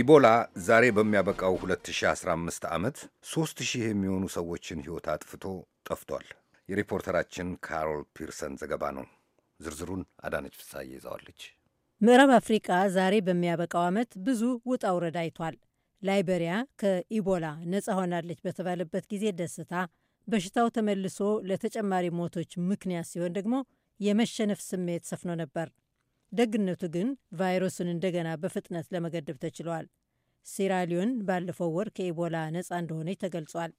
ኢቦላ ዛሬ በሚያበቃው 2015 ዓመት 3000 የሚሆኑ ሰዎችን ሕይወት አጥፍቶ ጠፍቷል። የሪፖርተራችን ካሮል ፒርሰን ዘገባ ነው። ዝርዝሩን አዳነች ፍሳዬ ይዘዋለች። ምዕራብ አፍሪቃ ዛሬ በሚያበቃው ዓመት ብዙ ውጣ ውረድ አይቷል። ላይበሪያ ከኢቦላ ነፃ ሆናለች በተባለበት ጊዜ ደስታ፣ በሽታው ተመልሶ ለተጨማሪ ሞቶች ምክንያት ሲሆን ደግሞ የመሸነፍ ስሜት ሰፍኖ ነበር። ደግነቱ ግን ቫይረሱን እንደገና በፍጥነት ለመገደብ ተችሏል። ሴራሊዮን ባለፈው ወር ከኢቦላ ነፃ እንደሆነች ተገልጿል።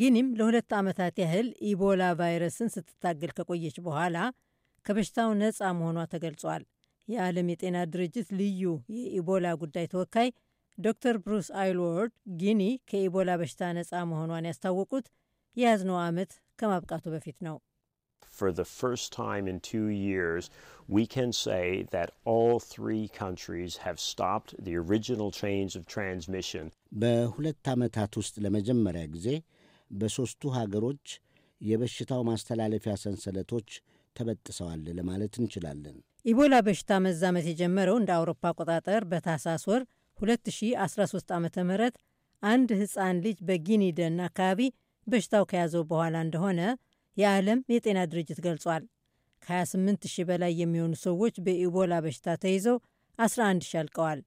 ጊኒም ለሁለት ዓመታት ያህል ኢቦላ ቫይረስን ስትታገል ከቆየች በኋላ ከበሽታው ነፃ መሆኗ ተገልጿል። የዓለም የጤና ድርጅት ልዩ የኢቦላ ጉዳይ ተወካይ ዶክተር ብሩስ አይልዎርድ ጊኒ ከኢቦላ በሽታ ነፃ መሆኗን ያስታወቁት የያዝነው ዓመት ከማብቃቱ በፊት ነው። for the first time in two years, we can say that all three countries have stopped the original chains of transmission. በሁለት ዓመታት ውስጥ ለመጀመሪያ ጊዜ በሦስቱ ሀገሮች የበሽታው ማስተላለፊያ ሰንሰለቶች ተበጥሰዋል ለማለት እንችላለን። ኢቦላ በሽታ መዛመት የጀመረው እንደ አውሮፓ አቆጣጠር በታህሳስ ወር 2013 ዓ ም አንድ ሕፃን ልጅ በጊኒደን አካባቢ በሽታው ከያዘው በኋላ እንደሆነ የዓለም የጤና ድርጅት ገልጿል። ከ28 ሺህ በላይ የሚሆኑ ሰዎች በኢቦላ በሽታ ተይዘው 11 ሺህ አልቀዋል።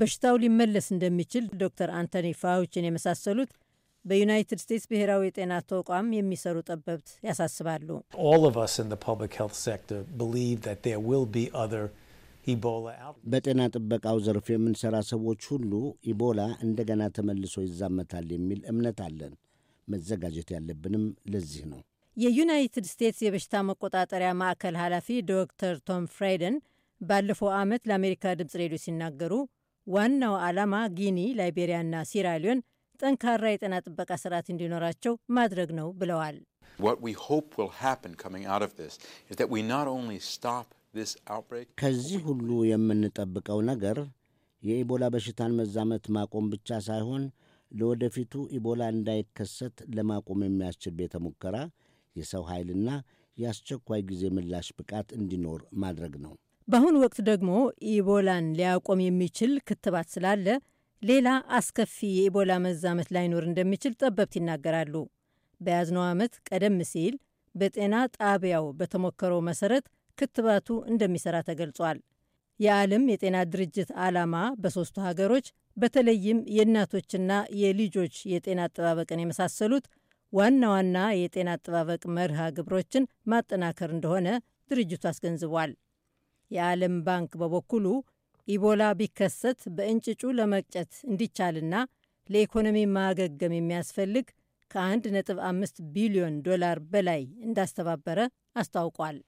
በሽታው ሊመለስ እንደሚችል ዶክተር አንቶኒ ፋውችን የመሳሰሉት በዩናይትድ ስቴትስ ብሔራዊ የጤና ተቋም የሚሰሩ ጠበብት ያሳስባሉ። በጤና ጥበቃው ዘርፍ የምንሰራ ሰዎች ሁሉ ኢቦላ እንደገና ተመልሶ ይዛመታል የሚል እምነት አለን። መዘጋጀት ያለብንም ለዚህ ነው። የዩናይትድ ስቴትስ የበሽታ መቆጣጠሪያ ማዕከል ኃላፊ ዶክተር ቶም ፍራይደን ባለፈው ዓመት ለአሜሪካ ድምፅ ሬዲዮ ሲናገሩ ዋናው ዓላማ ጊኒ፣ ላይቤሪያና ሲራሊዮን ጠንካራ የጤና ጥበቃ ስርዓት እንዲኖራቸው ማድረግ ነው ብለዋል። ከዚህ ሁሉ የምንጠብቀው ነገር የኢቦላ በሽታን መዛመት ማቆም ብቻ ሳይሆን ለወደፊቱ ኢቦላ እንዳይከሰት ለማቆም የሚያስችል ቤተ ሙከራ የሰው ኃይልና የአስቸኳይ ጊዜ ምላሽ ብቃት እንዲኖር ማድረግ ነው። በአሁኑ ወቅት ደግሞ ኢቦላን ሊያቆም የሚችል ክትባት ስላለ ሌላ አስከፊ የኢቦላ መዛመት ላይኖር እንደሚችል ጠበብት ይናገራሉ። በያዝነው ዓመት ቀደም ሲል በጤና ጣቢያው በተሞከረው መሰረት ክትባቱ እንደሚሰራ ተገልጿል። የዓለም የጤና ድርጅት ዓላማ በሦስቱ ሀገሮች በተለይም የእናቶችና የልጆች የጤና አጠባበቅን የመሳሰሉት ዋና ዋና የጤና አጠባበቅ መርሃ ግብሮችን ማጠናከር እንደሆነ ድርጅቱ አስገንዝቧል። የዓለም ባንክ በበኩሉ ኢቦላ ቢከሰት በእንጭጩ ለመቅጨት እንዲቻልና ለኢኮኖሚ ማገገም የሚያስፈልግ ከ1.5 ቢሊዮን ዶላር በላይ እንዳስተባበረ አስታውቋል።